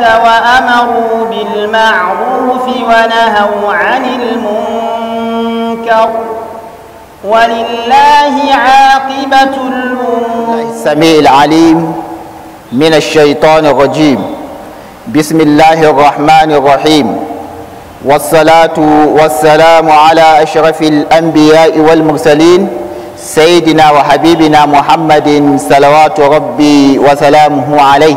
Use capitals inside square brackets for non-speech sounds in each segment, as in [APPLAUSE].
وأمروا بالمعروف ونهوا عن المنكر ولله عاقبة الأمور السميع العليم من الشيطان الرجيم بسم الله الرحمن الرحيم والصلاة والسلام على أشرف الأنبياء والمرسلين سيدنا وحبيبنا محمد صلوات ربي وسلامه عليه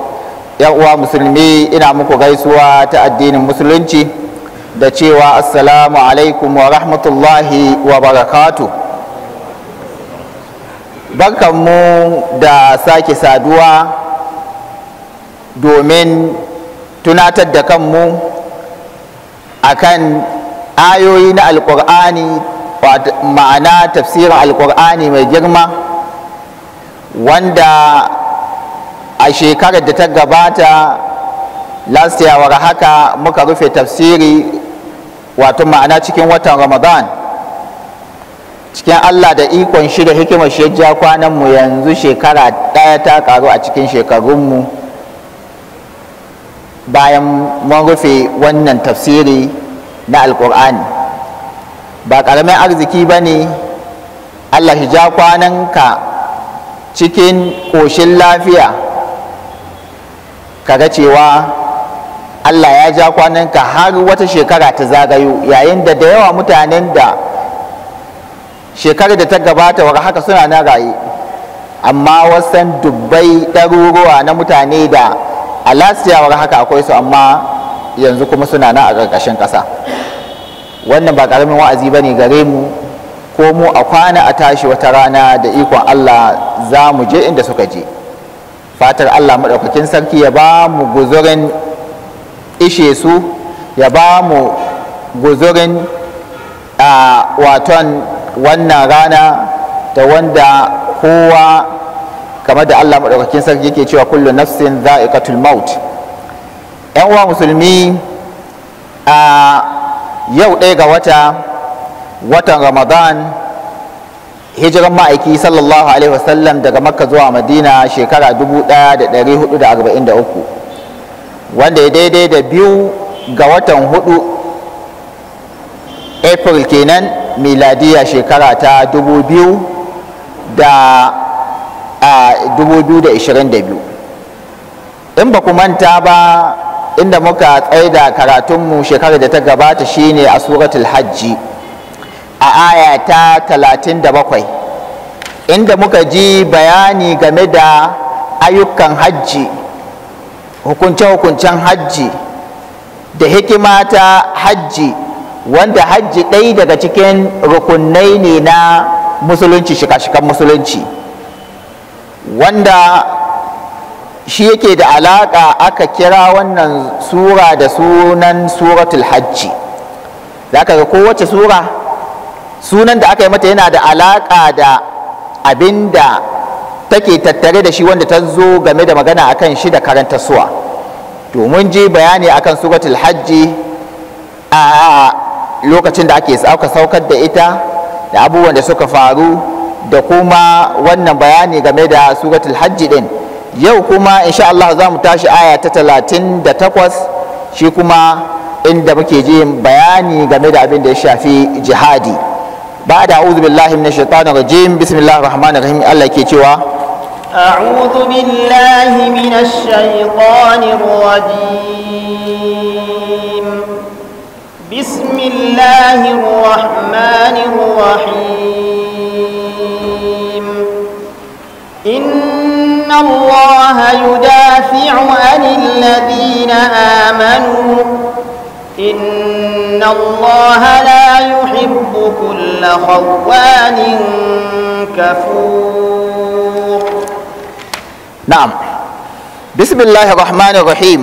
yan uwa musulmi ina muku gaisuwa ta addinin musulunci da cewa assalamu alaikum wa rahmatullahi wa barakatu barkanmu da sake saduwa domin tunatar da kanmu akan ayoyi na alkur'ani ma'ana tafsirin alkur'ani mai girma wanda a shekarar da ta gabata last year haka muka rufe tafsiri wato ma'ana cikin watan ramadan cikin allah da ikon shi da hikimar shi ja kwanan mu yanzu shekara ɗaya ta karu a cikin shekarunmu bayan mun rufe wannan tafsiri na alkur'ani ba karamin arziki ba ne allah shi ja kwananka cikin ƙoshin lafiya kaga cewa Allah ya ja kwanan ka har wata shekara ta zagayo yayin da da yawa mutanen da shekarar da ta gabata wa haka suna na raye amma wasan dubbai ɗaruruwa na mutane da alasiya haka akwai su amma yanzu kuma suna na a ƙarƙashin ƙasa wannan ba ƙaramin wa'azi ba ne gare mu ko mu a kwana a tashi wata rana da ikon Allah za mu je inda suka je. fatar Allah maɗaukakin sarki ya ba mu guzurin ishe su ya ba mu guzurin a waton wannan rana da wanda kowa kamar da Allah maɗaukakin sarki yake cewa kullum nafsin za'iqatul maut yan uwa musulmi a yau ɗaya ga wata watan ramadan hijiran ma'aiki sallallahu alaihi wasallam daga makka zuwa madina shekara 1443 wanda ya daidai da biyu ga watan hudu april kenan miladiya shekara ta 2000 da 2022 in ba ku manta ba inda muka tsaida karatunmu shekarar da ta gabata shine a suratul hajji a aya ta bakwai, inda muka ji bayani game da ayyukan hajji hukunce-hukuncen hajji da hikima ta hajji wanda hajji ɗaya daga cikin rukunai ne na musulunci shika-shikan musulunci wanda shi yake da alaƙa aka kira wannan sura da sunan suratul hajji za ka ga kowace sura sunan da aka yi mata yana da alaƙa da abin da take tattare da shi wanda ta zo game da magana akan shi da karanta suwa domin ji bayani akan suratul hajji a lokacin da ake aka saukar da ita da abubuwan da suka faru da kuma wannan bayani game da suratul hajji din yau kuma insha Allah za mu tashi aya ta talatin da takwas shi kuma inda muke jin bayani game da abin da ya shafi jihadi بعد أعوذ بالله من الشيطان الرجيم بسم الله الرحمن الرحيم الله كيتوا أعوذ بالله من الشيطان الرجيم بسم الله الرحمن الرحيم إن الله يدافع عن الذين آمنوا إن إن الله لا يحب كل خوان كفور نعم بسم الله الرحمن الرحيم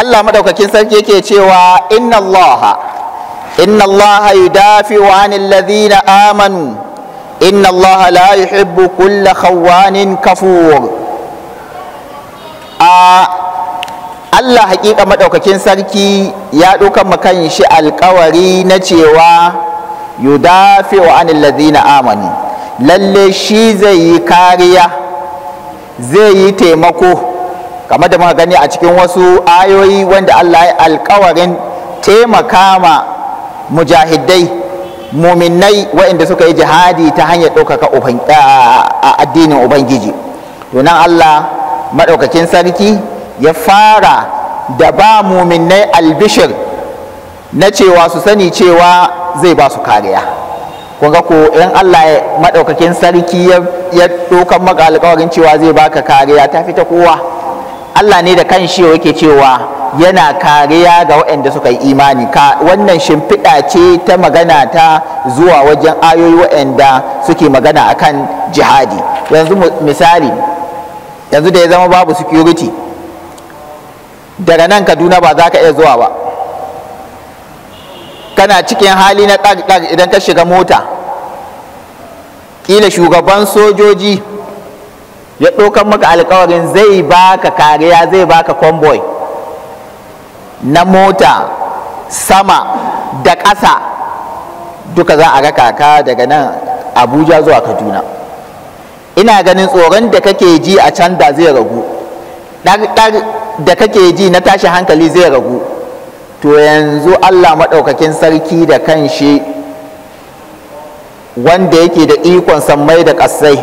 الله مدوكاكين سركي يكي cewa إن الله إن الله يدافع عن الذين آمنوا إن الله لا يحب كل خوان كفور آه Allah hakika maɗaukakin sarki ya ɗaukan makan shi alkawari na cewa yudafi'u anil ladina amanu lalle shi zai yi kariya zai yi taimako kamar da muka gani a cikin wasu ayoyi wanda Allah ya alkawarin taimaka ma mujahidai muminai waɗanda suka yi jihadi ta hanyar ɗaukaka a addinin ubangiji donan Allah maɗaukakin sarki ya fara da ba muminai albishir na cewa su sani cewa zai ba su kariya kunga ko in Allah ya maɗaukakin sarki ya ɗaukan maka alƙawarin cewa zai baka kariya ta fita kowa Allah ne da kan shi yake cewa yana kariya ga waɗanda suka yi imani ka wannan shimfiɗa ce ta magana ta zuwa wajen ayoyi waɗanda suke magana akan jihadi yanzu misali yanzu da ya zama babu security daga nan kaduna ba za ka iya zuwa ba kana cikin hali na ƙaƙƙaƙ idan ka shiga mota ƙila shugaban sojoji ya ɗaukar maka alkawarin zai baka kariya zai baka convoy na mota sama da ƙasa duka za a raka ka daga nan abuja zuwa kaduna ina ganin tsoron da kake ji a can da zai ragu ɗar da kake ji na tashi hankali zai ragu to yanzu Allah maɗaukakin sarki da kanshi wanda yake da ikon sammai da ƙasai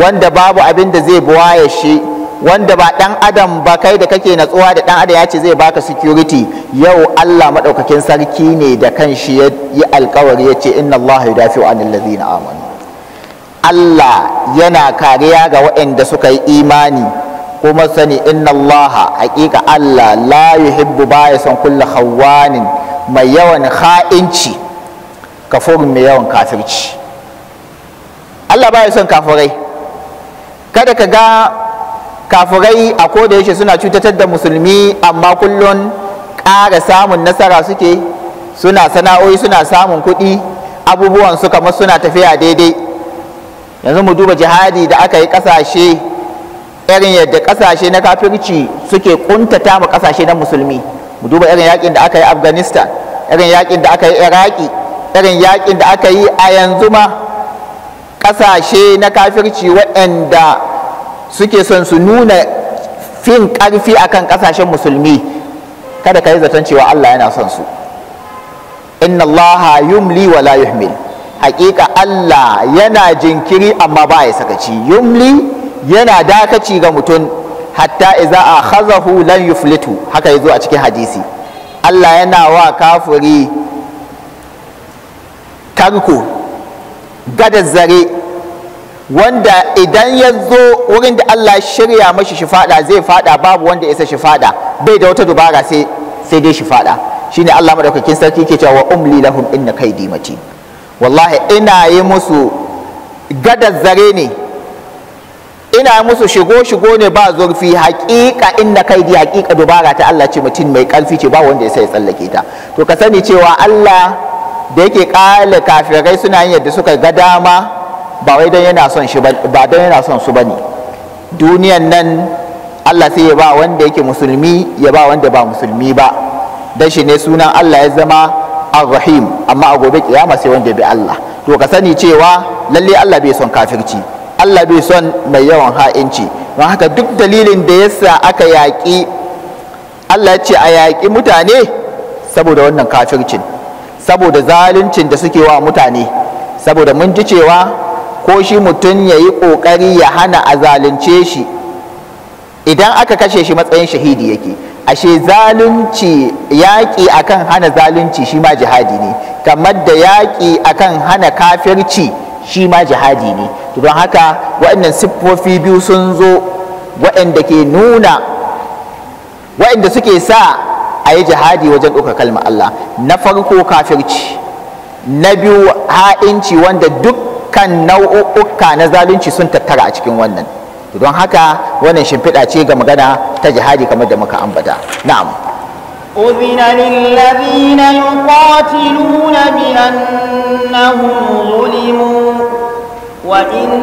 wanda babu abin da zai buwaye shi wanda ba ɗan adam ba kai da kake natsuwa da ɗan adam ya ce zai baka security yau Allah maɗaukakin sarki ne da kanshi ya yi alkawari ya ce inna Allah ya dafi wa amani. Allah yana kariya ga waɗanda suka yi imani kuma sani inna allaha haƙiƙa allah la yuhibbu baya son kulla hawanin mai yawan ha'inci kafurin mai yawan kafirci allah baya son kafirai. kada ka ga kafirai a koda yake suna cutatar da musulmi amma kullum ƙara samun nasara suke suna sana'o'i suna samun kuɗi abubuwan su kamar suna tafiya daidai yanzu mu duba jihadi da aka yi ƙasashe irin yadda kasashe na kafirci suke kuntata mu kasashe na musulmi mu duba irin yakin da aka yi afghanistan irin yakin da aka yi iraki irin yakin da aka yi a yanzu ma kasashe na kafirci waɗanda suke son su nuna fin ƙarfi akan kasashen musulmi kada ka yi zaton cewa allah yana son su inna allaha yumli wa la yuhmil hakika allah yana jinkiri amma ba ya sakaci yumli yana dakaci ga mutum hatta iza a khazahu lan yuflitu haka yazo a cikin hadisi Allah yana wa kafiri tarko gadar zare wanda idan ya zo wurin da Allah shirya mashi shi fada zai fada babu wanda isa shi fada bai da wata dubara sai sai dai shi fada shine Allah madaukakin sarki ke cewa umli lahum inna kaidi wallahi ina yi musu gadar zare ne ina musu shigo shigo ne ba zurfi haƙiƙa inna kaidi haƙiƙa dubara ta Allah ce mutum mai ƙarfi ce ba wanda ya sai tsallake ta to ka sani cewa Allah da yake ƙale kafirai suna yin yadda suka ga dama ba wai dan yana son shi ba don yana son su bane duniyan nan Allah sai ya ba wanda yake musulmi ya ba wanda ba musulmi ba dan shi ne sunan Allah ya zama ar-rahim amma a gobe kiyama sai wanda ya bi Allah to ka sani cewa lalle Allah bai son kafirci Allah bai son mai yawan ha'inci don haka duk dalilin da ya sa aka yaƙi Allah ce a yaƙi mutane saboda wannan kafircin saboda zaluncin da suke wa mutane saboda mun ji cewa ko shi mutum ya yi ƙoƙari ya hana a zalunce shi idan aka kashe shi matsayin shahidi yake ashe zalunci yaƙi akan hana zalunci shi ma jihadi ne kamar da yaƙi akan hana kafirci shi ma jihadi ne to don haka waɗannan siffofi biyu sun zo waɗanda ke nuna waɗanda suke sa a yi jihadi wajen ɗaukar kalmar Allah na farko kafirci na biyu ha'inci wanda dukkan nau'uka na zalunci sun tattara a cikin wannan to don haka wannan shimfiɗa ce ga magana ta jihadi kamar da muka ambata na'am أذن للذين يقاتلون بأنهم ظلموا وإن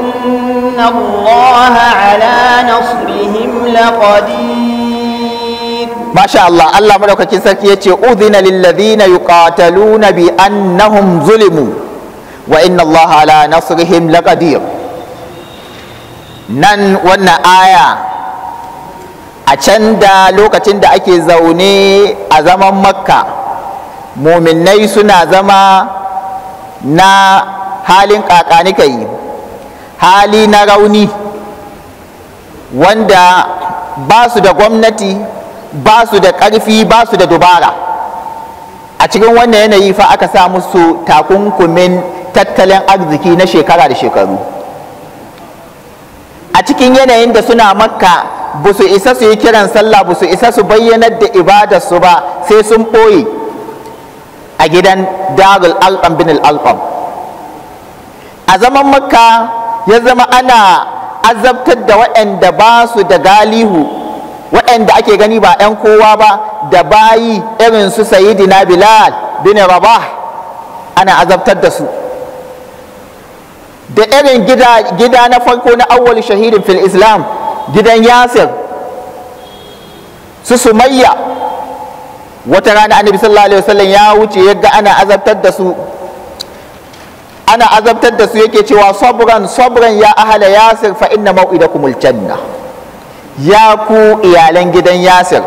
الله على نصرهم لقدير ما شاء الله الله مدوكاكين كنسك يتي أذن للذين يقاتلون بأنهم ظلموا وإن الله على نصرهم لقدير nan wannan aya a can da lokacin da ake zaune a zaman makka mominai suna zama na halin kakani kai hali na rauni wanda ba su da gwamnati ba su da ƙarfi ba su da dubara a cikin wannan yanayi fa aka sa musu takunkumin tattalin arziki na shekara da shekaru a cikin yanayin da suna makka ba su isa su yi kiran sallah ba su isa su bayyanar da ibadarsu ba sai sun ɓoye a gidan darul alƙam bin alƙam a zaman makka ya zama ana azabtar da waɗanda ba su da galihu waɗanda ake gani ba 'yan kowa ba da bayi irin su sayidina bilal bin rabah ana azabtar da su da irin gida, na farko na awwal shahidin fil islam gidan yasir su sumayya wata rana annabi sallallahu alaihi wasallam ya wuce yadda ana azabtar da su ana azabtar da su yake cewa sabran sabran ya ahala yasir fa inna mau'idakumul janna ya ku iyalan gidan yasir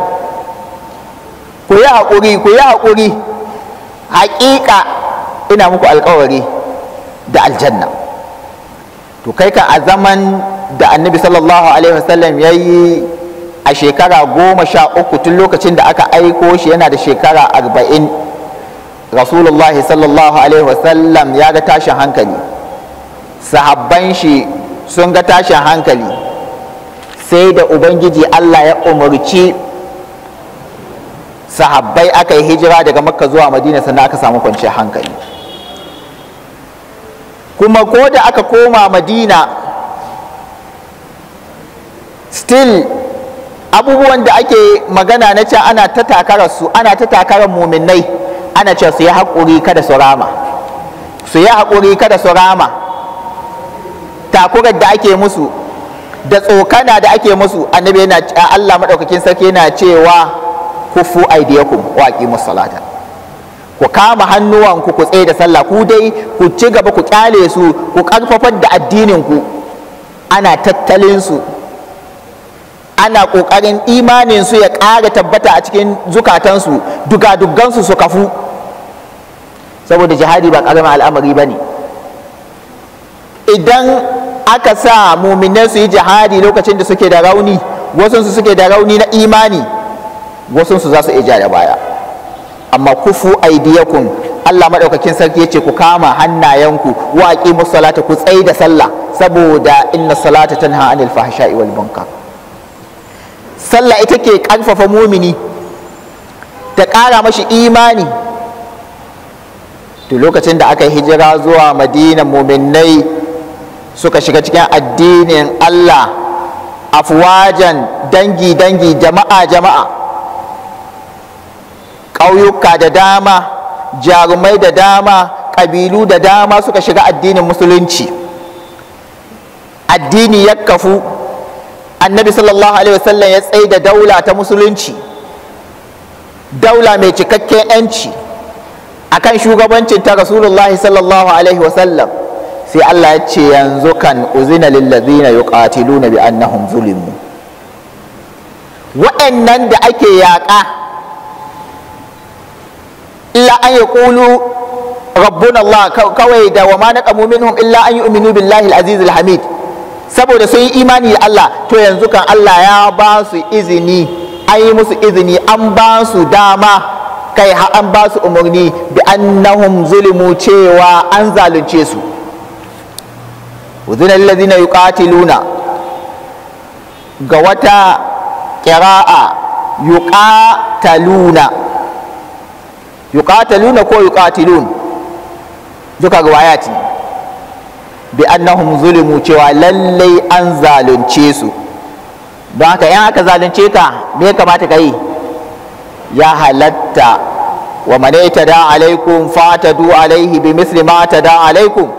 ku yi haƙuri ku yi haƙuri haƙiƙa ina muku alƙawari da aljanna to kai ka a zaman da annabi sallallahu alaihi wasallam ya yi a shekara goma sha uku tun lokacin da aka aiko shi yana da shekara arba'in rasulullahi sallallahu alaihi wasallam ya ga tashin hankali sahabban shi sun ga tashin hankali sai da ubangiji allah ya umarci sahabbai aka yi hijira daga makka zuwa madina sannan aka samu kwanciyar hankali kuma ko da aka koma madina still abubuwan da ake magana na can ana ta takarar su ana ta takarar muminai ana cewa su yi haƙuri kada su rama su yi haƙuri kada su rama takurar da ake musu da tsokana da ake musu annabi yana Allah maɗaukakin sarki yana cewa kufu aidiyakum wa aqimus salata ku kama hannuwanku ku tsaye da sallah ku dai ku ci gaba ku kyale su ku karfafar da addinin ku ana tattalin su ana ƙoƙarin su ya ƙara tabbata a cikin zukatansu dugadugansu su kafu saboda jihadi ba ƙaramin al'amari ba ne idan aka sa muminai su yi jihadi lokacin da suke da rauni wasunsu suke da rauni na imani wasunsu za su ija da baya amma kufu aidiyakun Allah maɗaukakin sarki ya ce ku kama hannayenku wa aqimus salata ku da sallah saboda inna salata tanha anil fahsha'i wal munkar sallah ita ke ƙarfafa mumini ta ƙara mashi imani to lokacin da aka hijira zuwa madina muminai suka shiga cikin addinin allah afwajan dangi-dangi jama'a-jama'a ƙauyuka da dama jarumai da dama ƙabilu da dama suka shiga addinin musulunci addini ya kafu annabi sallallahu alaihi wasallam ya tsaye da daula ta musulunci daula mai cikakken 'yanci A shugabancin ta rasulullah sallallahu alaihi wasallam sai Allah ya ce yanzu kan uzina lillazina yuqatiluna bi annahum zulimu waɗannan da ake yaƙa illa an yaqulu rabbuna Allah kawai da wa ma naqamu minhum illa an yu'minu billahi al-aziz al-hamid saboda sun yi imani da Allah to yanzu kan Allah ya ba su izini an yi musu izini an ba su dama kai ha an ba su umarni bi annahum zulimu cewa an zalunce su uzinan lazina yuqatiluna ga wata ƙira'a yuqataluna yuqataluna ko yuqatilun duka ga wayati bi annahum zulimu cewa lallai an zalunce su don haka yan aka zalunce ka me kamata ka yi ya halatta wa mane ta da alaikum du alaihi bi misli ma ta da alaikum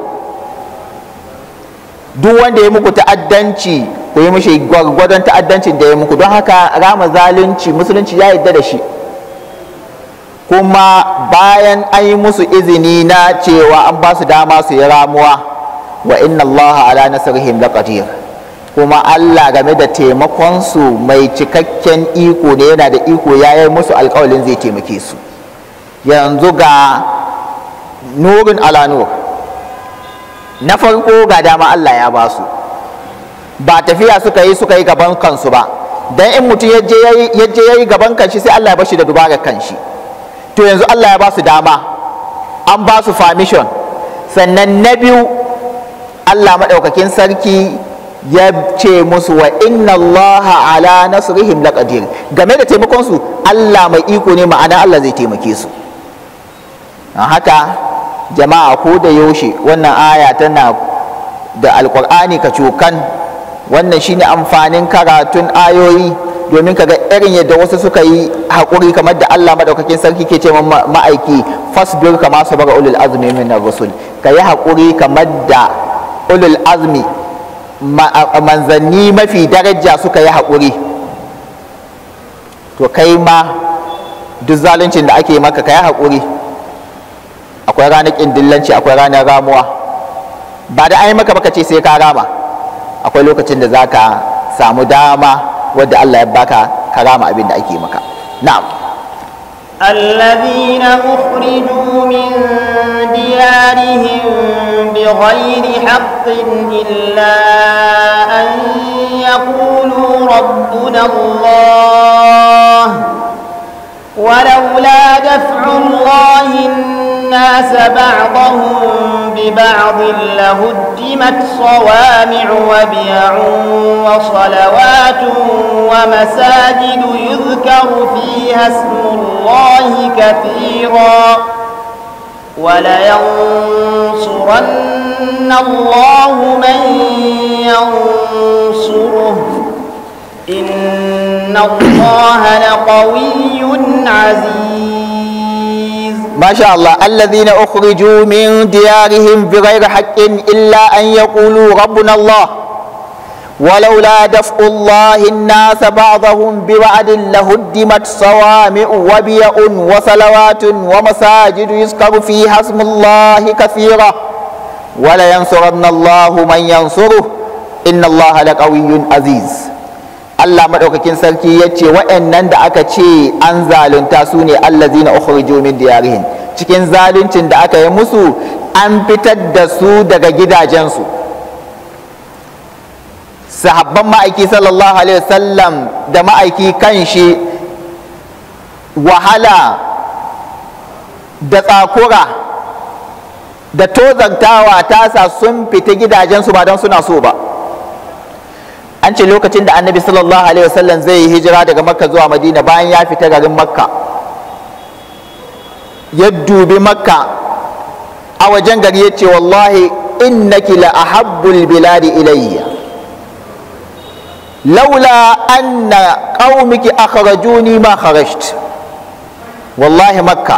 duk wanda ya muku ta'addanci ku yi mishi gwagwadon ta'addancin da ya muku don haka rama zalunci musulunci ya yadda da shi kuma bayan an yi musu izini na cewa an ba su dama su yi ramuwa wa inna allaha ala nasrihim laqadir kuma Allah game da taimakon su mai cikakken iko ne yana da iko ya yi musu alkawalin zai taimake su yanzu ga nurin ala nur na farko ga dama Allah ya ba su ba tafiya suka yi suka yi gaban kansu ba dan in mutum ya je ya yi gaban kanshi sai Allah ya bashi da dubara kanshi to yanzu Allah ya ba su dama an ba su permission sannan na biyu Allah maɗaukakin sarki ya ce musu wa inna Allah ala nasrihim laqadir game da taimakon su Allah mai iko ne ma'ana Allah zai taimake su haka jama'a ko da yaushe wannan aya tana da alkur'ani ka cokan wannan shine amfanin karatun ayoyi domin ka ga irin yadda wasu suka yi haƙuri kamar da Allah maɗaukakin sarki ke ce ma'aiki fasbir kama bara ulul azmi min ar-rusul ka yi haƙuri kamar da ulul azmi manzanni mafi daraja suka yi haƙuri to kai ma duk zaluncin da ake maka ka yi haƙuri akwai ranar ƙindillanci akwai ranar ramuwa ba da an yi maka baka ce sai ka rama akwai lokacin da za ka samu dama wadda Allah ya baka ka rama abin da ake maka na'am الذين أخرجوا من ديارهم بغير حق إلا أن يقولوا ربنا الله ولولا دفع الله الناس بعضهم ببعض لهدمت صوامع وبيع وصلوات ومساجد يذكر فيها اسم الله كثيراً ولينصرن الله من ينصره إن الله لقوي عزيز ما شاء الله الذين أخرجوا من ديارهم بغير حق إلا أن يقولوا ربنا الله ولولا دفع الله الناس بعضهم ببعض لهدمت صوامع وبيع وصلوات ومساجد يذكر فيها اسم الله كثيرا ولينصرن الله من ينصره إن الله لقوي عزيز Allah maɗaukakin sarki ya ce wa'annan da aka ce an zalunta su ne zina ukhrijo jomin diyarihim cikin zaluncin da aka yi musu an fitar da su daga gidajensu sahabban ma'aiki sallallahu alaihi wasallam da ma'aiki shi wahala da tsakura da tozantawa tasa sun fita gidajensu ba don suna so ba an ce lokacin da annabi sallallahu alaihi wasallam zai yi hijira daga makka zuwa madina bayan ya fita garin makka ya dubi makka a wajen gari ya ce wallahi innaki la ahabbul biladi ilayya laula anna qaumiki akhrajuni ma kharajt wallahi makka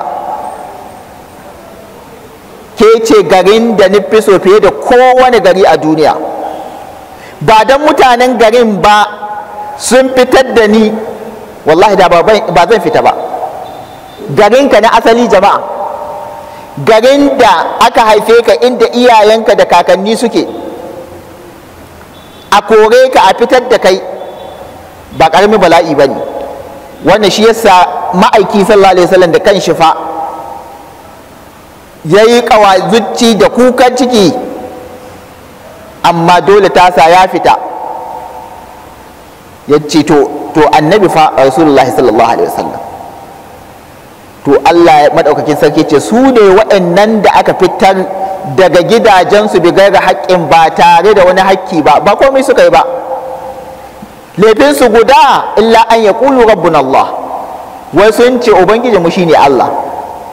ke ce garin da nufi so fiye da kowane gari a duniya ba don mutanen garin ba sun fitar da ni wallahi da ba zan fita ba garinka na asali jama'a garin da aka haife ka inda iyayenka da kakanni suke a kore ka a fitar da kai ba ƙaramin bala'i ba ne wannan shi yasa ma'aiki sallallahu alaihi wasallam da kan fa. ya yi zucci da kukan ciki amma dole tasa ya fita ya ce to to annabi fa rasulullahi sallallahu alaihi wasallam to Allah Ya madaukakin sarki ce su ne waɗannan da aka fitar daga gidajensu bi gaira haƙƙin ba tare da wani haƙƙi ba ba komai suka yi ba laifinsu guda illa an ya ƙulu rabbun Allah wai sun ce ubangiji mu shine Allah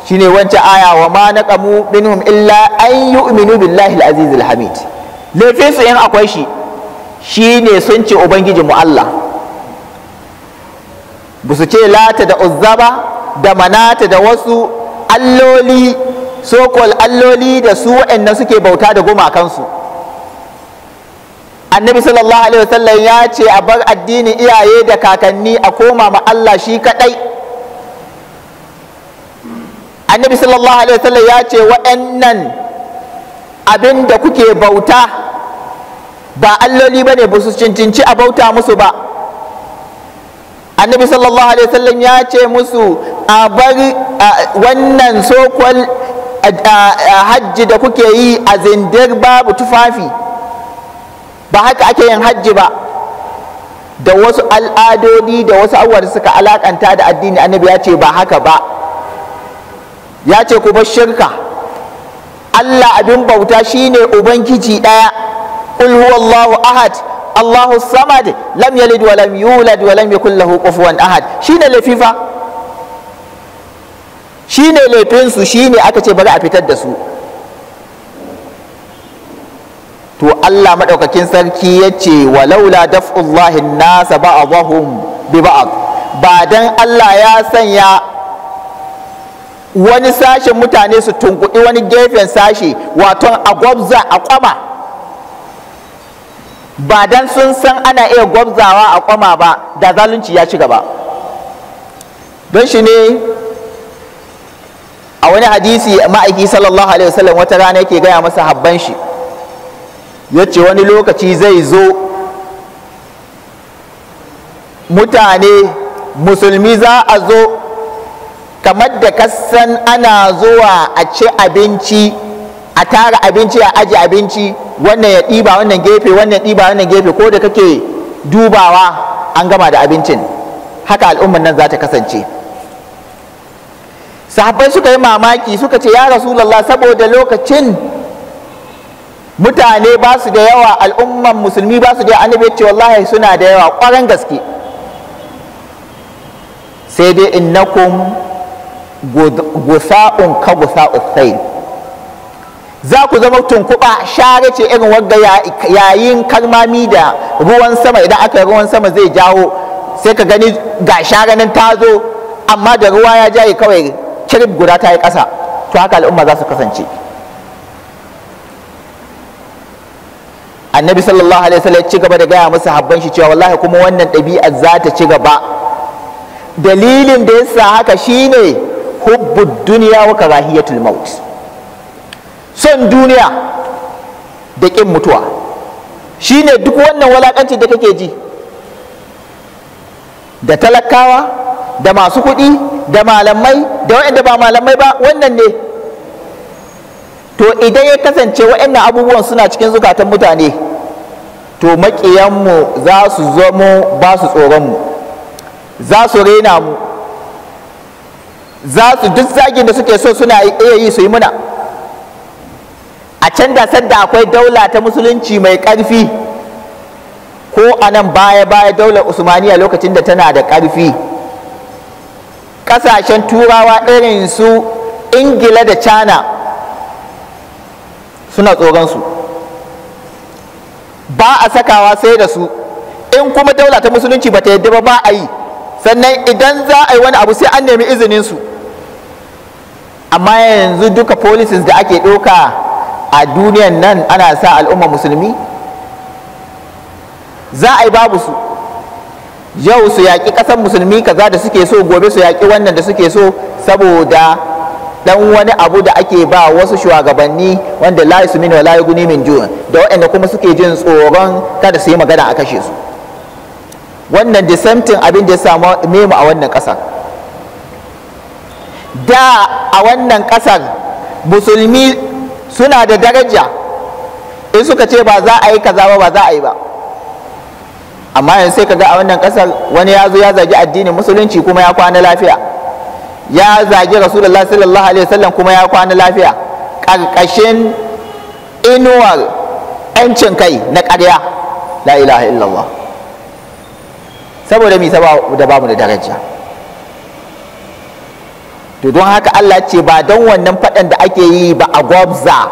shine wancan aya wa ma naqamu minhum illa an yu'minu billahi al-azizil hamid laifinsu in akwai shi shine sun ce ubangiji mu Allah ba su ce lata da uzzaba da manata da wasu alloli sokol alloli da su waɗanda suke bauta da gumakansu annabi sallallahu alaihi wasallam ya ce a bar addini iyaye da kakanni a koma ma Allah shi kadai annabi sallallahu alaihi wasallam ya ce waɗannan abin da kuke bauta ba alloli ba ne ba su cincinci a bauta musu ba annabi sallallahu alaihi wasallam ya ce musu a bar wannan sokol A hajji da kuke yi a zindir babu tufafi ba haka ake yin hajji ba da wasu al'adodi da wasu awar suka alakanta da addini annabi ya ce ba haka ba ya ce ku bar shirka Allah abin bauta shine ubangiji ɗaya qul huwallahu ahad Allahu samad lam yalid wa lam yulad wa lam yakul lahu kufuwan ahad shine lafifa shi ne laifinsu shi ne aka ce bari a fitar da su to Allah maɗaukakin sarki ya ce walaula daf'ullahi nasa ba'adhum bi ba'ad ba dan Allah ya sanya wani sashen mutane su tunkuɗi wani gefen sashe wato a gwabza a kwama ba dan sun san ana iya gwabzawa a kwama ba da zalunci ya ci gaba don shi ne a wani hadisi ma'aiki sallallahu alaihi wasallam wata rana yake gaya masa habban shi ya ce wani lokaci zai zo mutane musulmi za a zo kamar da kasan ana zuwa a ci abinci a tara abinci a aji abinci wannan ya ɗiba wannan gefe wannan ɗiba wannan gefe ko da kake dubawa an gama da abincin haka al'ummar nan za ta kasance sahabbai suka yi mamaki suka ce ya rasu rasulallah saboda lokacin mutane ba su da yawa al'umman musulmi ba su da annabi ce wallahi suna da yawa kwaran gaske sai dai innakum gusa'un ka gusa'un sai za ku zama tunkuɓa share ce irin wadda yayin kalmami da ruwan sama idan aka yi ruwan sama zai jawo sai ka gani ga share nan ta zo amma da ruwa ya jaye kawai cirib guda ta yi ƙasa to haka al'umma za su kasance annabi sallallahu alaihi wasallam ya ci gaba da gaya musu habban shi cewa wallahi kuma wannan ɗabi'a za ta ci gaba dalilin da yasa haka shine hubbud duniya wa karahiyatul maut son duniya da ƙin mutuwa shine duk wannan walakanci da kake ji da talakawa da masu kuɗi da malamai da waɗanda ba malamai ba wannan ne to idan ya kasance waɗannan abubuwan suna cikin zukatan mutane to maƙiyanmu za su zamo ba su tsoronmu za su rena mu za su duk zagin da suke so suna iya yi su yi muna a can da sanda akwai daula ta musulunci mai ƙarfi ko a nan baya-baya daular usmaniya lokacin da tana da ƙarfi ƙasashen turawa irin su ingila da china suna tsoronsu ba a sakawa sai da su in kuma daula ta musulunci ba ta yadda ba ba a yi sannan idan za a yi wani abu sai an nemi izininsu amma yanzu duka policies da ake ɗauka a duniyan nan ana sa al'umma musulmi za a yi babu su yau su yaƙi ƙasar musulmi kaza da suke so gobe su yaƙi wannan da suke so saboda dan wani abu da ake ba wasu shugabanni wanda su mini wa la guni min da waɗanda kuma suke jin tsoron kada su yi magana a kashe su wannan disamtin abin da ya samu memu a wannan ƙasar da a wannan ƙasar musulmi suna da daraja in suka ce ba za a yi kaza ba ba za a yi ba amma yanzu sai ka ga a wannan ƙasar wani ya zo ya zagi addinin musulunci kuma ya kwana lafiya ya zagi rasulullah sallallahu alaihi wasallam kuma ya kwana lafiya ƙarƙashin inuwar 'yancin kai na ƙarya la ilaha illallah saboda mi da bamu da daraja to don haka Allah ce ba don wannan faɗan da ake yi ba a gwabza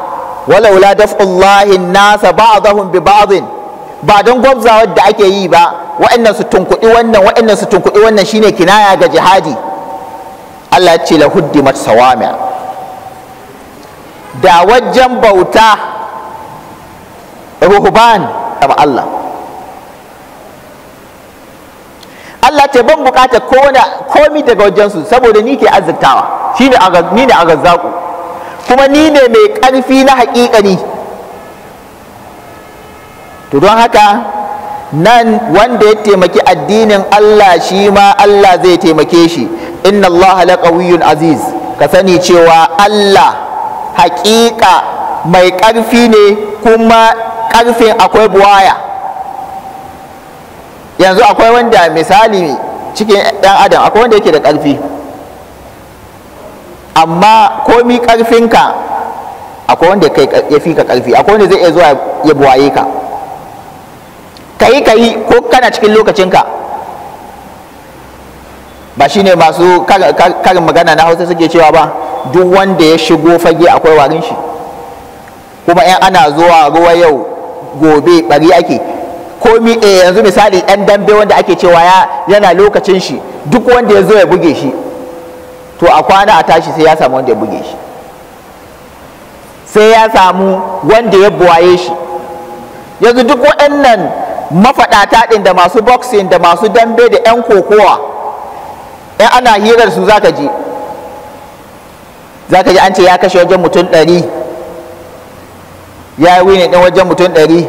walaula daf'ullahi nasa ba'dahum bi ba'dhin ba don gwabzawar da ake yi ba wa'annan su tunkuɗi wannan wa'annan su tunkuɗi wannan shine kinaya ga jihadi Allah ce la huddimat sawami da wajen bauta ruhban ba Allah Allah ce ban bukata komi daga wajensu saboda ni ke azurtawa ni ne a kuma ni ne mai ƙarfi na haƙiƙani to don haka nan wanda ya taimaki addinin Allah shi ma Allah zai taimake shi inna Allah laqawiyyun aziz ka sani cewa Allah hakika mai ƙarfi ne kuma ƙarfin akwai buwaya yanzu akwai wanda misali cikin ɗan adam akwai wanda yake da ƙarfi amma komi ƙarfinka akwai wanda ya fi ka ƙarfi akwai wanda zai iya zuwa ya buwaye ka ka kayi ko kana cikin lokacinka ba shine masu karin magana na hausa suke cewa ba duk wanda ya shigo fage akwai warin shi kuma yan ana zuwa ruwa yau gobe bari ake komi eh yanzu misali yan dambe wanda ake cewa ya yana lokacin shi duk wanda ya zo ya buge shi to a kwana a tashi sai ya samu wanda ya buge shi sai ya samu wanda ya buwaye shi yanzu duk waɗannan mafaɗata ɗin da masu boxing da masu dambe da 'yan kokowa ɗan ana hirar su zaka ji zaka ji an ce ya kashe wajen mutum ɗari ya yi wini ɗin wajen mutum ɗari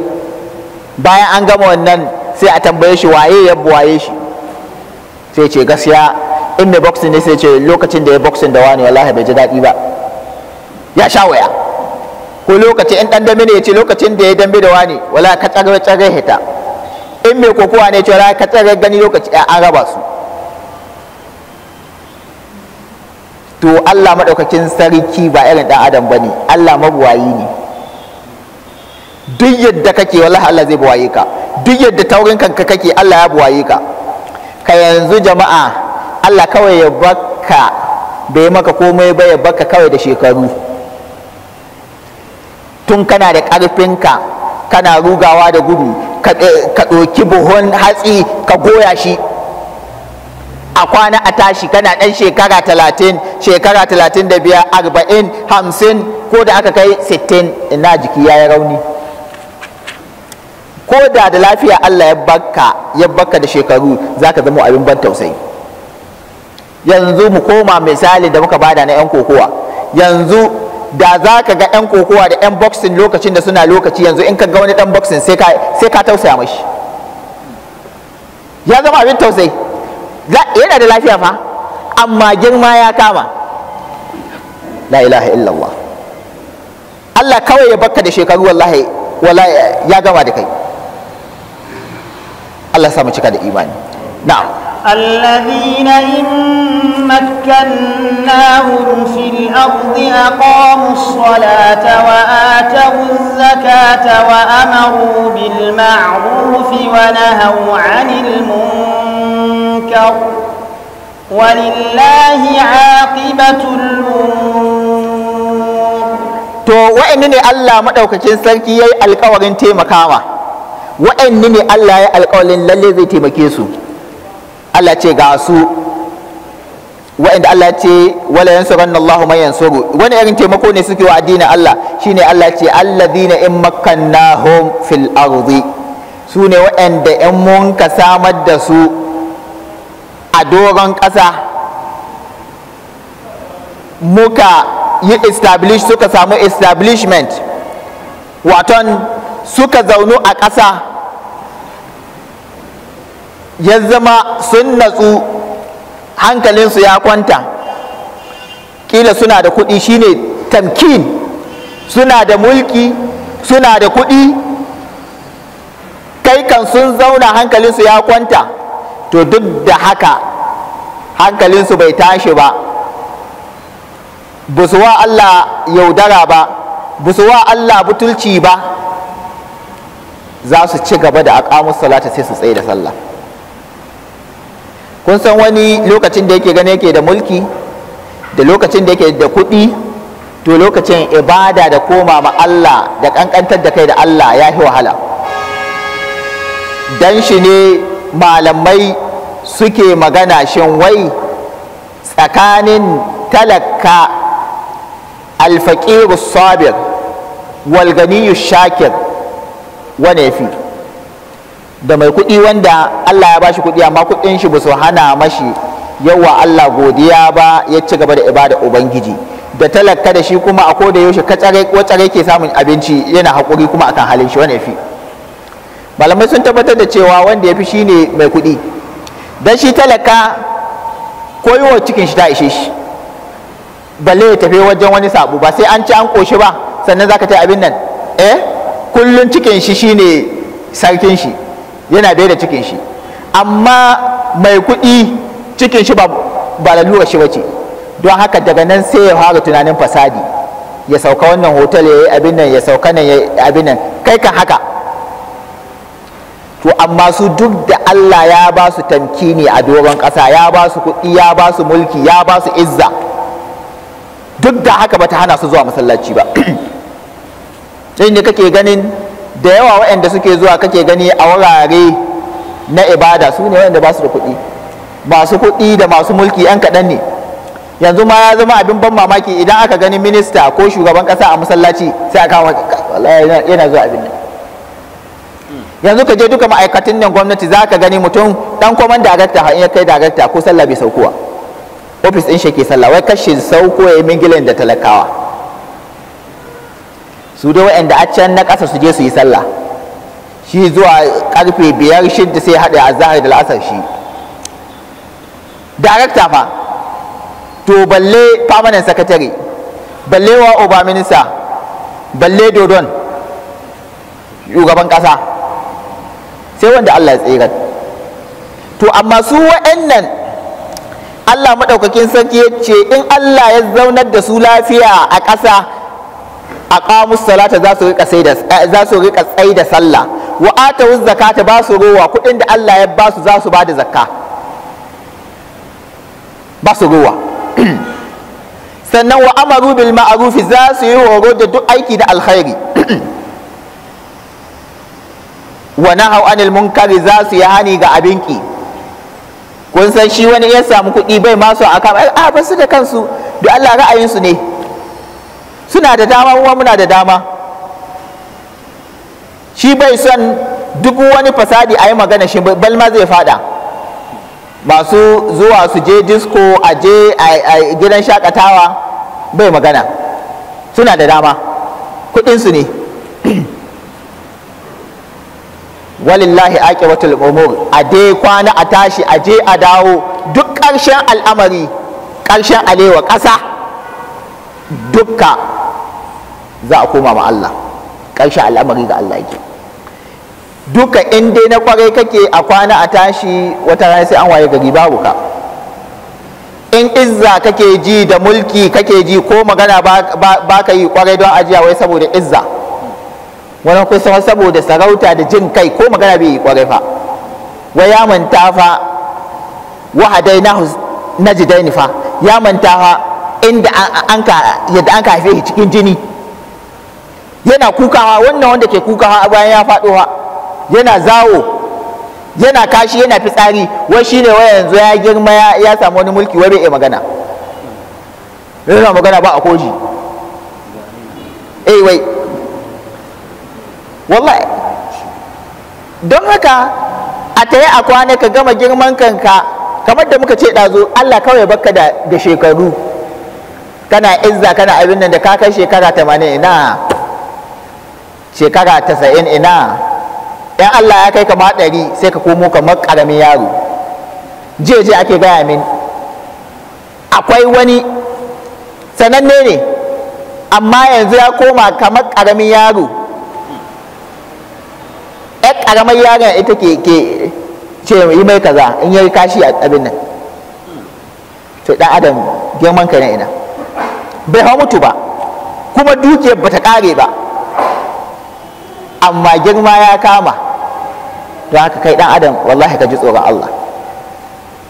bayan an gama wannan sai a tambaye shi waye ya waye shi sai ce gaskiya in mai boxing ne sai ce lokacin da ya boxing da wani wallahi bai ji daɗi ba ya sha waya ko lokacin in ɗan dambe ne ya ce lokacin da ya dambe da wani wala ka tsagar tsagar hita in mai kokowa ne cewa ka tsare gani lokaci ɗaya an raba su to Allah maɗaukakin sarki ba irin ɗan adam ba ne Allah mabuwayi ne duk yadda kake wallahi Allah zai buwaye ka duk yadda taurin kanka kake Allah ya buwaye ka ka yanzu jama'a Allah kawai ya baka bai maka komai ba ya baka kawai da shekaru tun kana da ƙarfinka kana rugawa da gudu ka eh, ɗauki buhun hatsi ka goya shi a kwana a tashi kana ɗan shekara talatin shekara talatin da biyar arba'in hamsin ko da aka kai sittin ina jiki ya yi rauni ko da da lafiya allah ya baka ya baka da shekaru za ka zama abin ban tausayi yanzu mu koma misali da muka bada na 'yan kokowa yanzu da za ka ga 'yan kokowa da 'yan boxing lokacin da suna lokaci yanzu in ka ga wani dan boxing sai ka tausaya mashi ya zama abin tausayi yana da lafiya fa amma girma ya kama la ilaha illallah Allah kawai ya bakka da shekaru wallahi wallahi ya gama da kai Allah ya samu cika da imani na'am alladhina in مكناهم في الأرض أقاموا الصلاة وآتوا الزكاة وأمروا بالمعروف ونهوا عن المنكر ولله عاقبة الأمور to wa'anne ne Allah madaukakin sarki yayi alƙawarin taimakawa wa'anne ne Allah ya alƙawarin lalle zai taimake su Allah ce ga su wa'inda Allah ce wala yansuranna Allahu man yansuru wani irin taimako ne suke wa addinin Allah shine Allah ce alladhina in makkannahum fil ardi su ne wa'inda in mun ka samar da su a doron ƙasa muka yi establish suka samu establishment waton suka zaunu a ƙasa ya zama sun natsu hankalinsu ya kwanta kila suna da kuɗi shine tamkin suna da mulki suna da kuɗi kai kan sun zauna hankalinsu ya kwanta to duk da haka hankalinsu bai tashi ba busuwa Allah yaudara ba busuwa Allah butulci ba za su ci gaba da aƙamus salata sai su tsaye da sallah kun san wani lokacin da yake gane yake da mulki da lokacin da yake da kuɗi to lokacin ibada da koma ma Allah da ƙanƙantar da kai da Allah ya fi wahala dan shi ne malamai suke magana shin wai tsakanin talaka alfaƙiru sabir walganiyu shakir wane fi da mai kuɗi wanda Allah ya bashi kuɗi amma kuɗin shi ba su hana mashi yawa Allah godiya ba ya ci gaba da ibada ubangiji da talaka da shi kuma a koda yaushe katsare watsare ke samun abinci yana hakuri kuma akan halin shi wani fi malamai sun tabbatar da cewa wanda ya fi shine mai kuɗi dan shi talaka koyowa cikin shi ta ishe shi balle ya tafi wajen wani sabu ba sai an ci an koshi ba sannan zaka ta abin nan eh kullun cikin shi shine sarkin shi yana daya da cikin shi amma mai kuɗi cikin shi ba lalura shi wace don haka daga nan sai ya fara tunanin fasadi ya sauka wannan hotel ya yi abin nan ya sauka nan ya yi abin nan kai kan haka to amma su duk da Allah ya ba su tamkini a doron ƙasa ya ba su kuɗi ya ba su mulki ya ba su izza duk da haka ba ta hana su zuwa masallaci ba [CLEARS THROAT] ne kake ganin da yawa waɗanda suke zuwa kake gani a wurare na ibada su ne waɗanda ba su da kuɗi masu kuɗi da masu mulki 'yan kaɗan ne yanzu ma ya zama abin ban mamaki idan aka gani minista ko shugaban ƙasa a masallaci sai a kawo yana zuwa abin nan yanzu ka je duka ma'aikatan nan gwamnati za ka gani mutum dan kwaman darakta har ya kai darakta ko sallah bai saukowa ofis ɗin shi ke sallah wai kashe sauko ya yi mingilan da talakawa su da waɗanda a can na ƙasa su je su yi sallah shi zuwa ƙarfe biyar shidda sai haɗe a zahar da la'asar shi darakta fa to balle permanent secretary balle wa oba minista balle dodon shugaban ƙasa sai wanda allah tsirar to amma su waɗannan Allah maɗaukakin sarki ya ce in Allah ya zaunar da su lafiya a ƙasa aqamu salata za su rika za su rika tsai da sallah wa zakata ba su rowa kudin da Allah ya ba su za su ba da zakka ba su rowa [CLEARS THROAT] sannan wa amaru bil ma'ruf za su yi horo da duk aiki da alkhairi [CLEARS THROAT] wa nahau anil munkari za su yi hani ga abinki kun san shi wani ya samu kuɗi bai masu akan a ba su da kansu da Allah ra'ayinsu ne suna da dama kuma muna da dama shi bai son duk wani fasadi a yi magana shi bal ma zai fada masu zuwa su je disco a je a gidan shakatawa bai magana suna da dama kudinsu ne [CLEARS THROAT] walillahi wata umur a dai kwana a tashi a je a dawo duk ƙarshen al'amari ƙarshen alewa ƙasa dukka za a koma ma Allah ƙarshe al'amari ga Allah yake duka in dai na kwarai kake a kwana a tashi wata rana sai an waye gari babu ka in izza kake ji da mulki kake ji ko magana ba ka yi kwarai don ajiya wai saboda izza wani kusan saboda sarauta da jin kai ko magana bai yi kwarai fa wai ya manta fa wahadai na ni fa ya manta fa inda an ka yadda an ka haife cikin jini yana kukawa wannan wanda ke kukawa bayan ya faɗowa yana zawo yana kashi yana fitsari wai shine wai yanzu ya girma ya samu wani mulki wai bai iya magana yana magana ba a koji eh wai wallahi don haka a taya a kwana ka gama girman kanka kamar da muka ce ɗazu Allah kawai baka da shekaru kana izza kana abin nan da ka kai shekara 80 na shekara tasa'in ina yan Allah ya kai kama ɗari sai ka komo kamar ƙaramin yaro jeje ake gaya min akwai wani sananne ne amma yanzu ya koma kamar ƙaramin yaro Ɗan ƙaramin yaron ita ke ce yi mai kaza in yi kashi a abin nan to ɗan adam girman ka na ina bai hau mutu ba kuma dukiyar bata ƙare ba amma girma ya kama don haka kai dan adam wallahi ka ji tsoron Allah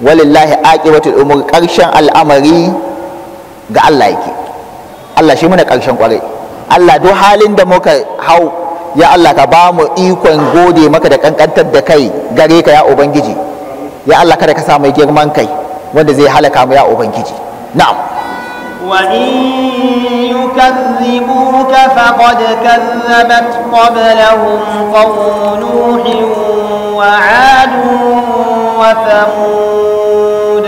walillahi aqibatu umur karshen al'amari ga Allah yake Allah shi muna karshen kwarai Allah duk halin da muka hau ya Allah ka ba mu ikon gode maka da kankantar da kai gare ka ya ubangiji ya Allah kada ka sa mai girman kai wanda zai halaka mu ya ubangiji na'am وإن يكذبوك فقد كذبت قبلهم قوم نوح وعاد وثمود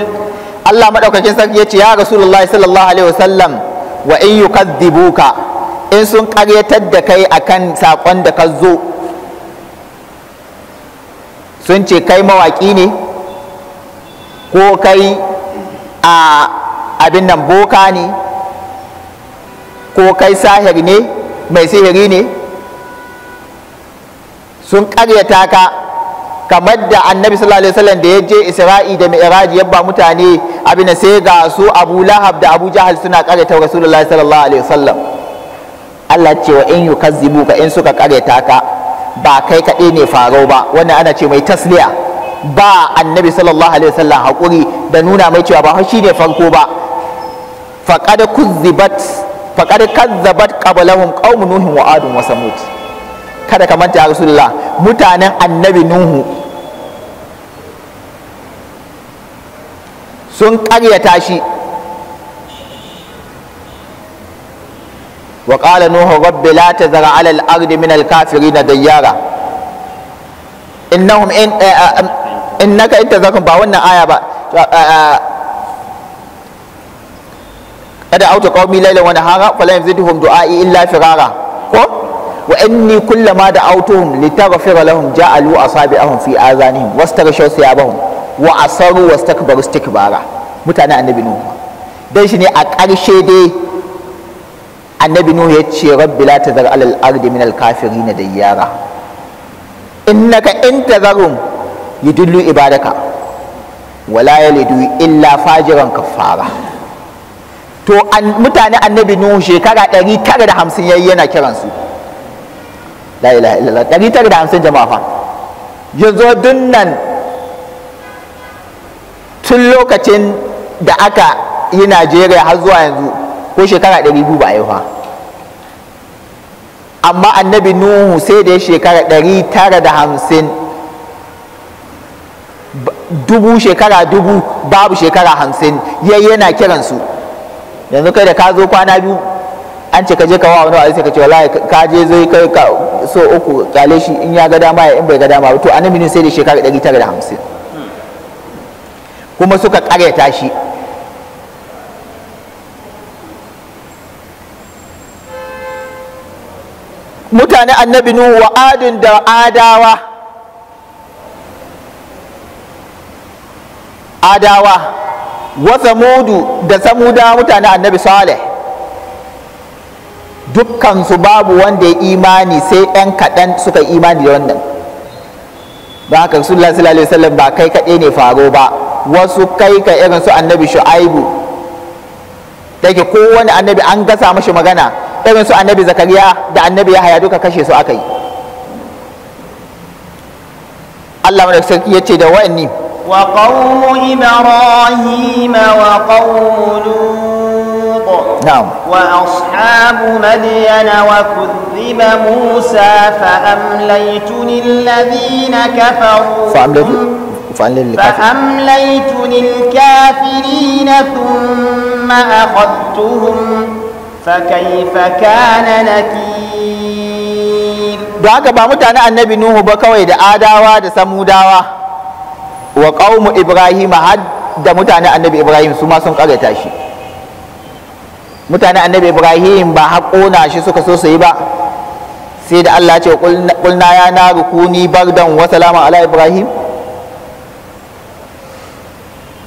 الله مدaukakin sarki yace ya rasulullahi sallallahu alaihi wasallam wa in yukadhibuka in sun karyatar da kai a kan saƙon da ka zo sun ce kai mawaƙi ne ko kai a abin nan boka ne ko kai sahir ne mai sihiri ne sun karyata ka kamar da annabi sallallahu alaihi wasallam da ya je isra'i da mi'raji yabba mutane abin sai ga su abu lahab da abu jahal suna karyata rasulullahi sallallahu alaihi wasallam Allah ce wa in ka in suka karyata ka ba kai kaɗai ne faro ba wannan ana ce mai tasliya ba annabi sallallahu alaihi wasallam haƙuri da nuna mai cewa ba shi ne farko ba Faƙar kuzzibat faqad kazzabat qablahum qaumun nuhin wa adun wa samud kada ka manta ya rasulullah mutanen annabi nuhu sun karyata shi wa ƙala nuhu rabbi la tazara ala al-ardi min al na dayyara innahum in innaka intazarhum ba wannan aya ba kada auta qaumi laila wa nahara fala yazidhum du'ai illa firara ko wa anni kullama da'awtuhum litaghfira lahum ja'alu asabi'ahum fi azanihim wastaghshaw siyabahum wa asaru wastakbaru istikbara mutane annabi nuhu dan shi ne a ƙarshe dai annabi nuh ya ce rabbi la tazar alal ardi min al kafirin dayyara innaka in tazarum yudillu ibadaka wala yalidu illa fajiran kafara to mutane annabi nuhu shekara 950 yayi yana kiransu la ilaha illallah 950 jama'a fa yanzu dunnan tun lokacin da aka yi najeriya har zuwa yanzu ko shekara 200 ba a fa amma annabi nuhu sai da ya shekara 950 dubu shekara dubu babu shekara hamsin yayi yana kiransu yanzu kai da ka zo kwana biyu an ce ka je ka wa wani wa'azi ka ce wallahi ka je zai kai ka so uku kale shi in ya ga dama ya in bai ga dama to anan minin sai da shekara ɗari tara da hamsin kuma suka ƙaryata shi mutane annabi nuhu wa adin da adawa adawa wa samudu da samuda mutane annabi salih dukkansu babu wanda ya imani sai ɗan kaɗan suka imani da wannan ba haka sallallahu alaihi wasallam ba kai kaɗai ne faro ba wasu kai ka irin su annabi shu'aibu take kowane annabi an gasa mashi magana irin su annabi zakariya da annabi yahaya duka kashe su aka yi Allah madaukakin sarki ya ce da wa'anni وقوم إبراهيم وقوم لوط نعم وأصحاب مدين وكذب موسى فأمليت للذين كفروا فأمليت فأمليت للكافرين ثم أخذتهم فكيف كان نكير da haka ba mutanen annabi Nuhu ba kawai da adawa da samudawa wa qaumu ibrahim had da mutane annabi ibrahim su ma sun karyata shi mutane annabi ibrahim ba haƙona shi suka so su yi ba sai da allah ce ƙulna ya na rukuni bardan wa salama ala ibrahim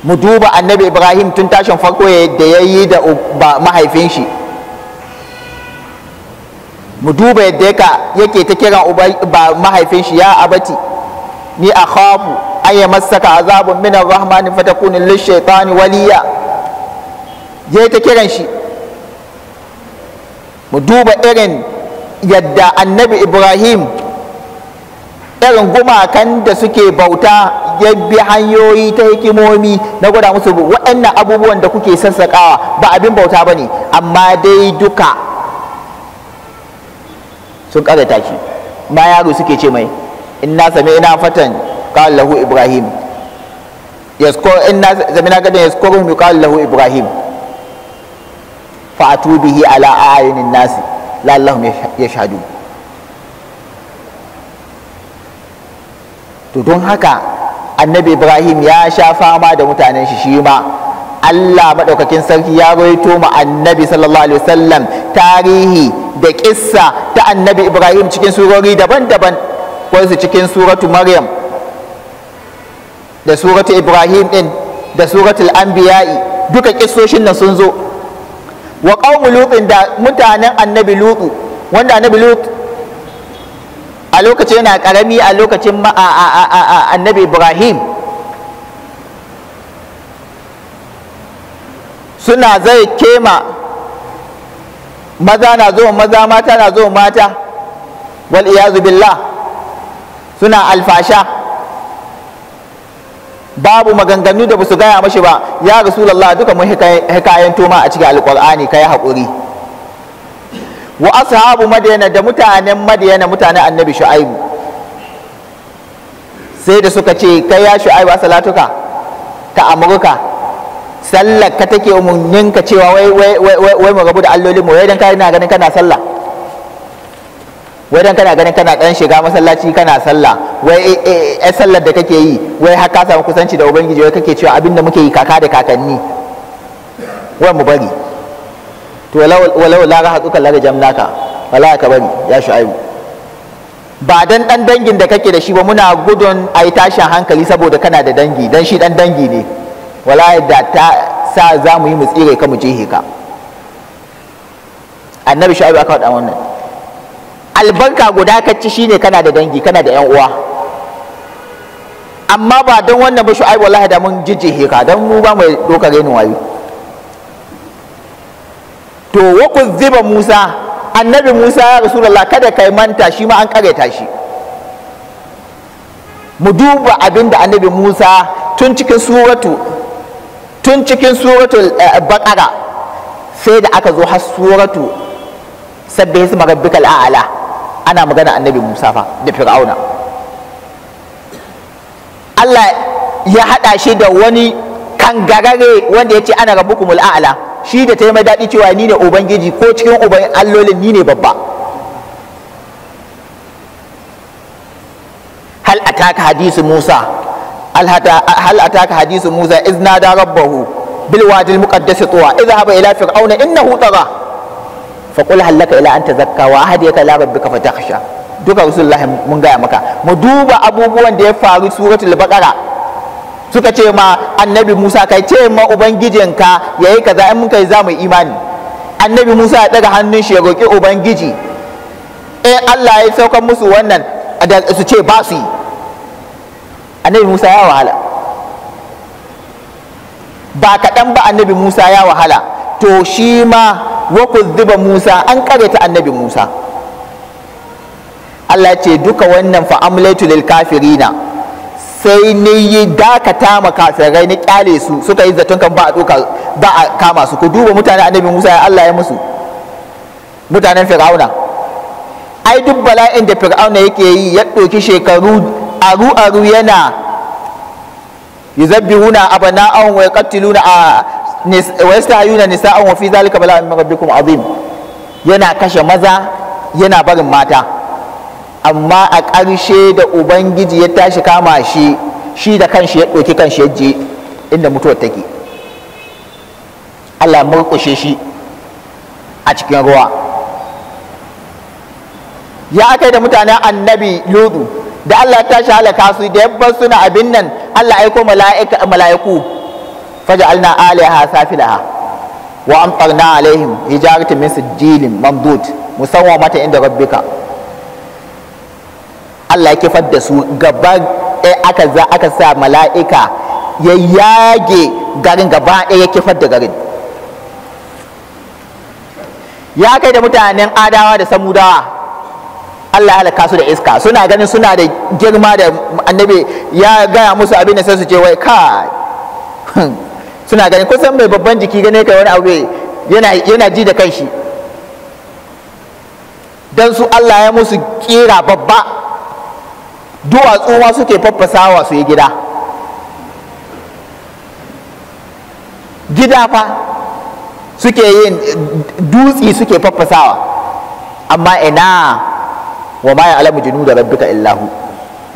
mu duba annabi ibrahim tun tashin farko da ya yi da mahaifin shi mu duba yadda yake ta kiran ba mahaifin shi ya abati ni a khafu an yamassaka azabun min fata rahman fatakuna lish-shaytani waliya yi ta kiran shi mu duba irin yadda annabi ibrahim irin gumakan da suke bauta ya bi hanyoyi ta hikimomi na gwada musu waɗannan abubuwan da kuke sassaƙawa ba abin bauta ba ne amma dai duka sun ƙarata shi ma yaro suke ce mai Ina na sami ina fatan yuqal lahu ibrahim yasko inna zamina gadan yaskorum yuqal lahu ibrahim fa'atu bihi ala ayunin nasi la'allahum yashhadun to don haka annabi ibrahim ya sha fama da mutanen shi shi ma Allah maɗaukakin sarki ya rawaito ma annabi sallallahu alaihi wasallam tarihi da ƙissa ta annabi Ibrahim cikin surori daban-daban wasu cikin suratu Maryam da suratul ibrahim din da suratul anbiya'i duka kissoshin nan sun zo wa qaumul lutin da mutanen annabi lutu wanda annabi lut a lokacin yana karami a lokacin annabi ibrahim suna zai kema maza na zo maza mata na zo mata wal iyazu billah suna alfasha babu maganganu da basu gaya mashi ba ya rasulullah duka mun hikayen toma a cikin alqur'ani kai hakuri wa ashabu madina da mutanen madina mutanen annabi shu'aibu sai da suka ce kai ya shu'aibu salatuka ta amurka sallar ka take umarninka cewa wai wai wai wai mu rabu da allolin mu wai dan kai na ganin kana sallah wai dan kana ganin kana dan shiga masallaci kana sallah wai eh, eh, eh sallar da kake yi wai har ka samu kusanci da ubangiji wai kake cewa abinda muke yi kaka da kakanni wai mu bari to walau la ga hatuka la jamnaka wala ka bari ya shu'aibu ba dan dan dangin da kake da shi ba muna gudun ai tashin hankali saboda kana da dangi dan shi dan dangi ne wala da ta sa za mu yi mu tsire ka mu jehe ka annabi shu'aibu aka faɗa wannan albarka guda ka ci shine kana da dangi kana da yan uwa amma ba don wannan ba shu'aib wallahi da mun jijjihe ka don mu ba mai dokar yin wayo to wa kuzziba musa annabi musa ya rasulullah kada kai manta shi ma an kareta shi mu duba abinda da annabi musa tun cikin suratu tun cikin suratul eh, baqara sai da aka zo har suratu sabbihi rabbikal a'la ana magana annabi Musa fa da Fir'auna Allah ya haɗa shi da wani kangarare wanda ya ce ana rabbukumul a'la shi da ta yi daɗi cewa ni ne ubangiji ko cikin uban allolin ni ne babba hal ataka hadisu Musa hal ataka hadisu Musa da rabbahu bil wadil muqaddas tuwa idhhab ila fir'auna innahu tagha fa qul hal ila an tazakka wa ka ila rabbika fatakhsha duka rasulullahi mun gaya maka mu duba abubuwan da ya faru suratul baqara suka ce ma annabi musa kai ce ma ubangijinka yayi kaza in mun kai za mu imani annabi musa ya daga hannun shi ya roki ubangiji eh Allah ya saukar musu wannan da su ce ba su yi annabi musa ya wahala ba kaɗan ba annabi musa ya wahala to shi ma wa kuzziba Musa an karyata annabi Musa Allah ce duka wannan fa amlaitu lil kafirina sai ni yi dakata ma kafirai ni kyale su suka yi zaton kan ba a doka ba a kama su ku duba mutanen annabi Musa ya Allah ya musu mutanen fir'auna ai duk bala'in da fir'auna yake yi ya ɗauki shekaru aru aru yana yuzabbihuna abana'ahum wa yaqtiluna wa yasta'yuna nisa'an wa fi zalika bala'un min rabbikum azim yana kashe maza yana barin mata amma a ƙarshe da ubangiji ya tashi kama shi shi da kanshi ya ɗauki kanshi ya je inda mutuwar take Allah murƙushe shi a cikin ruwa ya aka da mutane annabi ludu da Allah ta shi halaka su da yabban suna abin nan Allah aiko mala'iku faj'alna aliha safilaha wa amtarna alaihim hijaratan min sijilin mamdud musawwamata inda rabbika Allah ya kifar da su gaban ɗaya aka za aka sa mala'ika ya yage garin gaba ɗaya ya kifar da garin ya kai da mutanen adawa da samudawa Allah ya halaka su da iska suna ganin suna da girma da annabi ya gaya musu abin da sai su ce wai kai suna gani kusan mai babban jiki gane ka wani abu yana ji da kanshi Don su Allah ya musu kira babba duwatsu ma suke faffasawa su yi gida gida fa suke yin dutsi suke faffasawa amma ina wa ma ya alamu jinu da rabbika illahu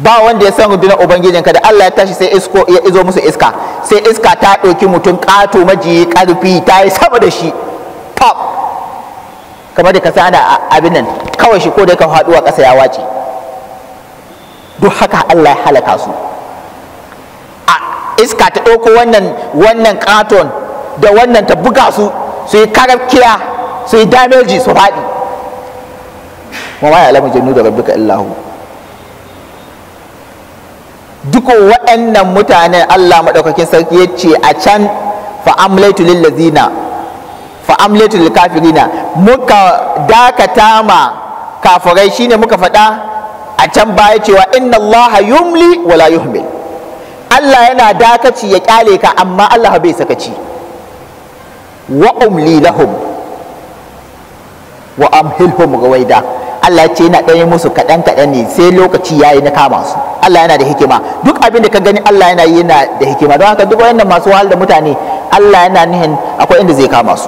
ba wanda ya san rundunar ubangijinka da Allah ya tashi sai isko ya izo musu iska sai iska ta ɗauki mutum ƙato majiyi ƙarfi ta yi sama da shi pop kamar da ka san ana abin nan kawai shi ko da ka faɗuwa ƙasa ya wace duk haka Allah ya halaka su a iska ta ɗauko wannan wannan ƙaton da wannan ta buga su su yi karafkiya su yi dameji su faɗi wa ya alamu jannu da rabbika illahu duk waɗannan mutane Allah maɗaukakin sarki ya ce a can fa'amlaitu lillazina fa'amlaitu lilkafirina muka dakata ma kafirai shine muka faɗa a can baya cewa inna Allah yumli wala yuhmil Allah yana dakaci ya ƙyale ka amma Allah bai sakaci wa umli lahum wa amhilhum gawaida Allah ya ce yana ɗanyi musu kaɗan kaɗan ne sai lokaci ya yi na kama su Allah yana da hikima duk abin da ka gani Allah yana yi yana da hikima don haka duk wayannan masu wahal da mutane Allah yana nihin akwai inda zai kama su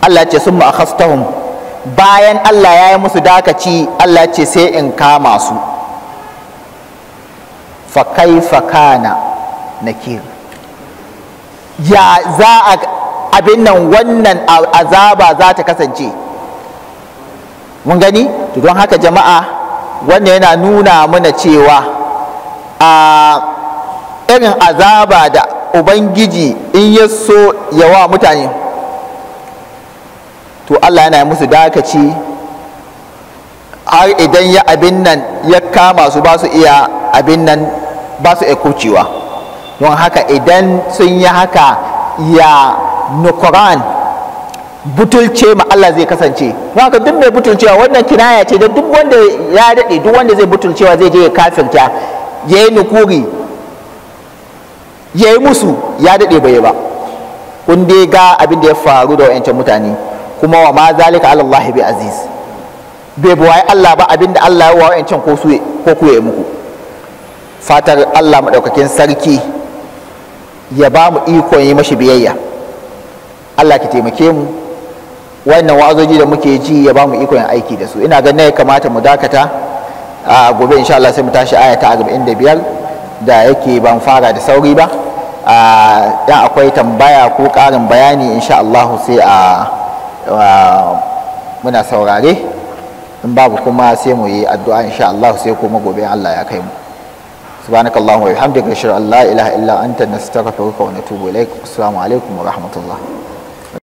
Allah ce sun akhastahum bayan Allah ya yi musu dakaci Allah ce sai in kama su fa kaifa kana nakir ya za a abin nan wannan azaba za ta kasance mun gani to don haka jama'a wannan yana nuna mana cewa a irin azaba da ubangiji in ya so yawa mutane to allah yana musu dakaci har idan ya abin nan ya kama su ba su iya abin nan ba su iya kucewa don haka idan sun yi haka ya nukuran butulce ma Allah zai kasance haka duk mai butulcewa wannan kinaya ce da duk wanda ya daɗe duk wanda zai butulcewa zai je ya kafirta ya yi nukuri ya yi musu ya daɗe bai ba kun dai ga abin da ya faru da wayancan mutane kuma wa ma zalika alallahi bi aziz bai buwaye Allah ba abin da Allah ya wa wayancan ko su ko ku ya muku fatar Allah madaukakin sarki ya ba mu ikon yi mashi biyayya Allah ki taimake mu wannan wa'azoji da muke ji ya bamu iko yin aiki da su ina ganin ya kamata mu dakata a gobe insha Allah sai mu tashi aya ta 45 da yake ban fara da sauri ba a dan akwai tambaya ko karin bayani insha Allah sai a muna saurare in babu kuma sai mu yi addu'a insha Allah sai kuma gobe Allah ya kai mu سبحانك اللهم وبحمدك نشهد ان لا اله الا انت نستغفرك ونتوب اليك السلام عليكم ورحمه الله